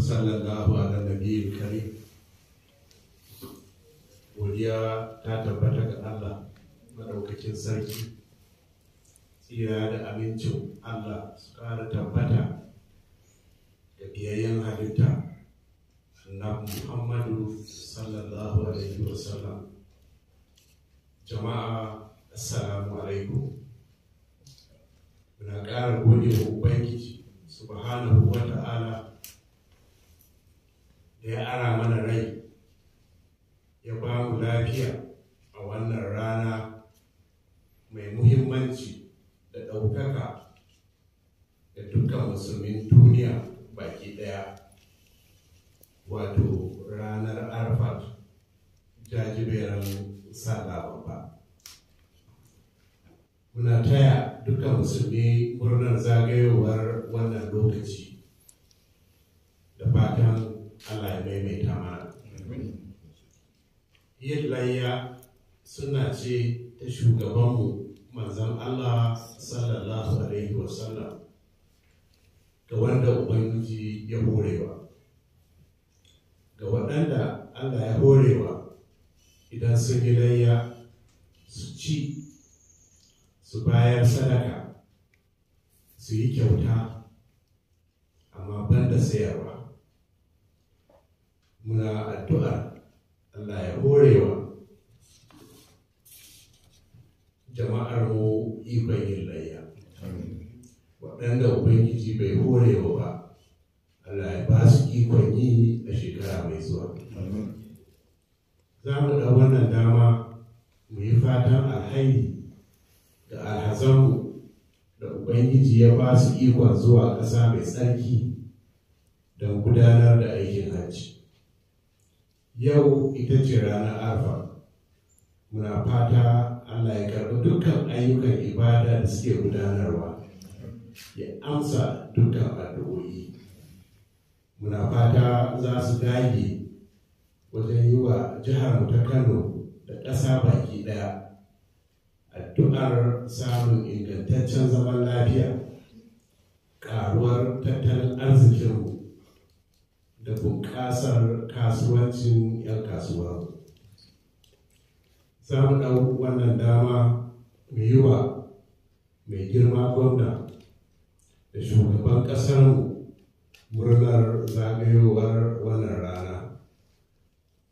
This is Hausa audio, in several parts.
وصلى الله على godiya ta tabbata ga Allah madaukakin sarki tsira da abincin Allah su ƙara tabbata da biyayyen halitta annabi Muhammadu sallallahu alaihi wasallam jama'a assalamu alaikum muna ƙara gode wa ubangiji subhanahu wa ya ara mana rai ya ba mu lafiya a wannan rana mai muhimmanci da ɗaukaka da dukkan musulmin duniya baki ɗaya wato ranar arfat sa sallah ba. muna taya dukkan musulmi murnar zagayowar wannan lokaci da fata Allah ya maimaita mana yin layya suna ce ta shugabanmu manzan Allah sallallahu alaihi wasallam ga wanda ubangiji ya horewa ga waɗanda Allah ya horewa idan sun yi layya su ci su bayar sadaka su yi kyauta amma banda sayarwa muna addu'ar Allah ya horewa jama'ar mu ikon yin layya waɗanda ubangiji bai horewa ba Allah ya ba su ikon yi a shekara mai zuwa za mu ɗau wannan dama mu yi fatan alhaini da alhazanmu da ubangiji ya ba su ikon zuwa ƙasa mai tsarki don gudanar da aikin hajji yau ita ce ranar arfa muna fata allah ya karɓi dukkan ayyukan ibada da suke gudanarwa ya amsa dukkan addu'o'i muna fata za su dage wajen yi wa jihar ta kano da ƙasa baki ɗaya addu'ar samun ingantaccen zaman lafiya ƙaruwar tattalin arzikinmu da bunƙasar kasuwancin 'yan kasuwa. Za mu wannan dama mu yi wa mai girma gwamna da shugaban ƙasarmu murnar zagayowar wannan rana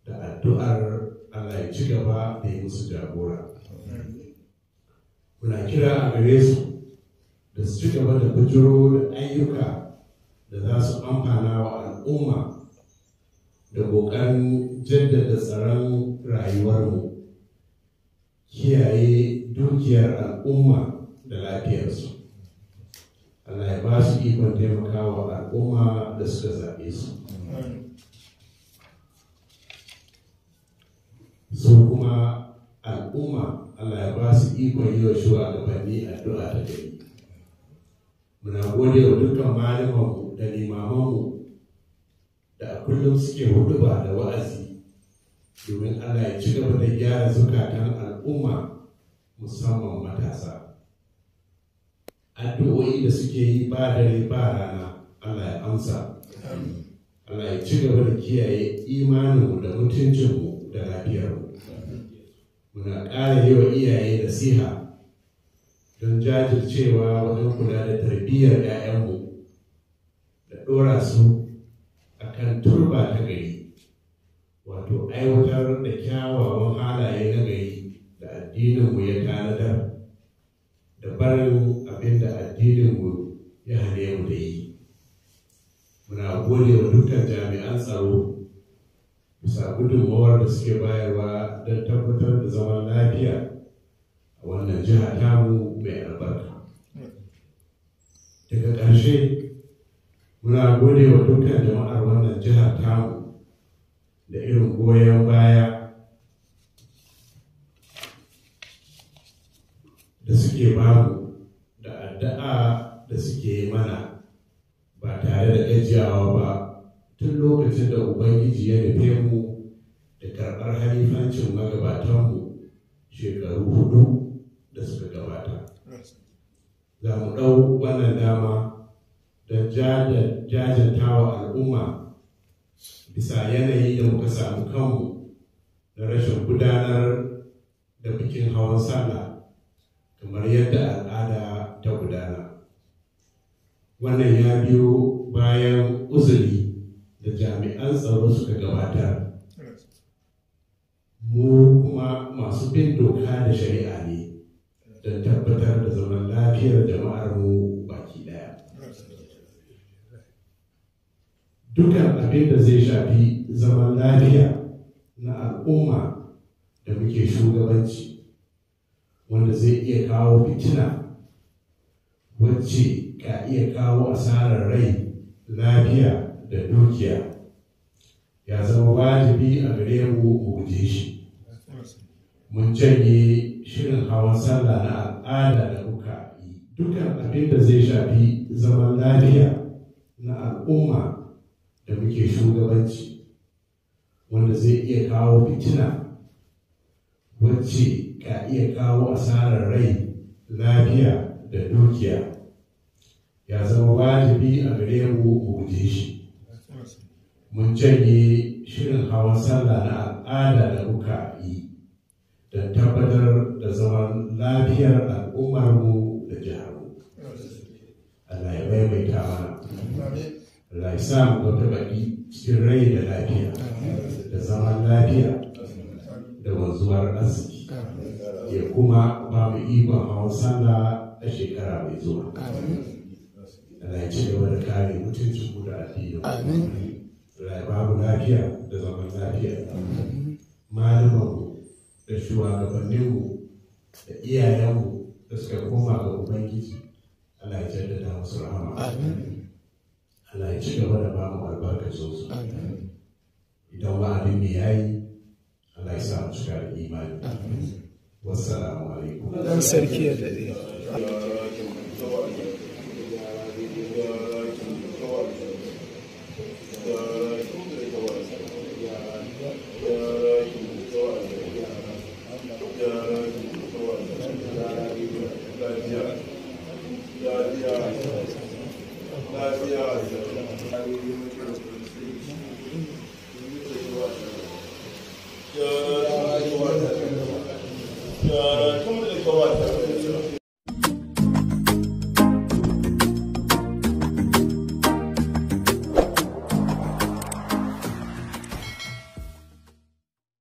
da addu'ar Allah ya ci gaba da yi musu jagora. Muna kira a gare su da su ci gaba da bujiro da ayyuka da za su amfana wa al'umma da ƙoƙarin jaddada tsaron rayuwarmu kiyaye dukiyar al'umma da lafiyarsu Allah ya ba su ikon taimakawa al'umma da suka zaɓe su su kuma al'umma Allah ya ba su ikon yi wa a addu'a ta gari muna gode wa dukkan malamanmu da limamanmu kullum suke huduba da wa'azi domin ana ya ci gaba da gyara zukatan al'umma musamman matasa addu'o'i da suke yi ba dare ba rana Allah ya amsa Allah ya ci gaba da kiyaye imaninmu da mutuncinmu da lafiyarmu muna ƙara yi wa iyaye nasiha don jajircewa wajen kula da tarbiyyar 'ya'yanmu da ɗora su kan turba ta gari wato aiwatar da kyawawan halaye na gari da addininmu ya tanadar da barin abin da addininmu ya hane mu da yi muna gode wa dukkan jami'an tsaro bisa gudunmawar da suke bayarwa don tabbatar da zaman lafiya a wannan jiha tamu mai albarka daga ƙarshe muna gode wa dukkan jama'ar wannan jiha tamu da irin goyon baya da suke bamu da addu'a da suke mana ba tare da gajiyawa ba tun lokacin da ubangiji ya nufe mu da karɓar halifancin magabatanmu shekaru hudu da suka gabata za mu ɗau wannan dama don jajanta wa al'umma bisa yanayi da muka samu kanmu na rashin gudanar da bikin hawan sallah kamar yadda al'ada ta gudana wannan ya biyo bayan uzuri da jami'an tsaro suka gabatar mu kuma masu bin doka da shari'a ne don tabbatar da zaman lafiyar jama'ar mu Duka abin zai shafi zaman lafiya na al'umma da muke shugabanci wanda zai iya kawo fitina wacce ka iya kawo asarar rai lafiya da dukiya ya zama wajibi a gare mu mu guje shi mun janye shirin hawan sallah na al'ada da muka yi abin da zai shafi zaman lafiya na al'umma da muke shugabanci wanda zai iya kawo fitina wacce ka iya kawo asarar rai lafiya da dukiya ya zama wajibi a gare mu mu guje shi mun janye shirin hawan sallah na al'ada da muka yi don tabbatar da zaman lafiyar al'ummarmu da mu. Allah ya maimaita mana. Allah ya sa mu ga baki cikin rai da lafiya da zaman lafiya da wanzuwar arziki ya kuma ba mu ikon hawan sallah a shekara mai zuwa Allah ya da kare mutuncin ku da addinin Allah ya lafiya da zaman lafiya malamanmu da shugabanninmu da iyayenmu da suka koma ga Ubangiji Allah ya jaddada musu rahama. Amin. Allah ya ci gaba da ba mu albarkacin su idan ba abin mai yayi Allah ya sa mu cika da imani wassalamu alaikum dan sarki ya dade কোনো একটা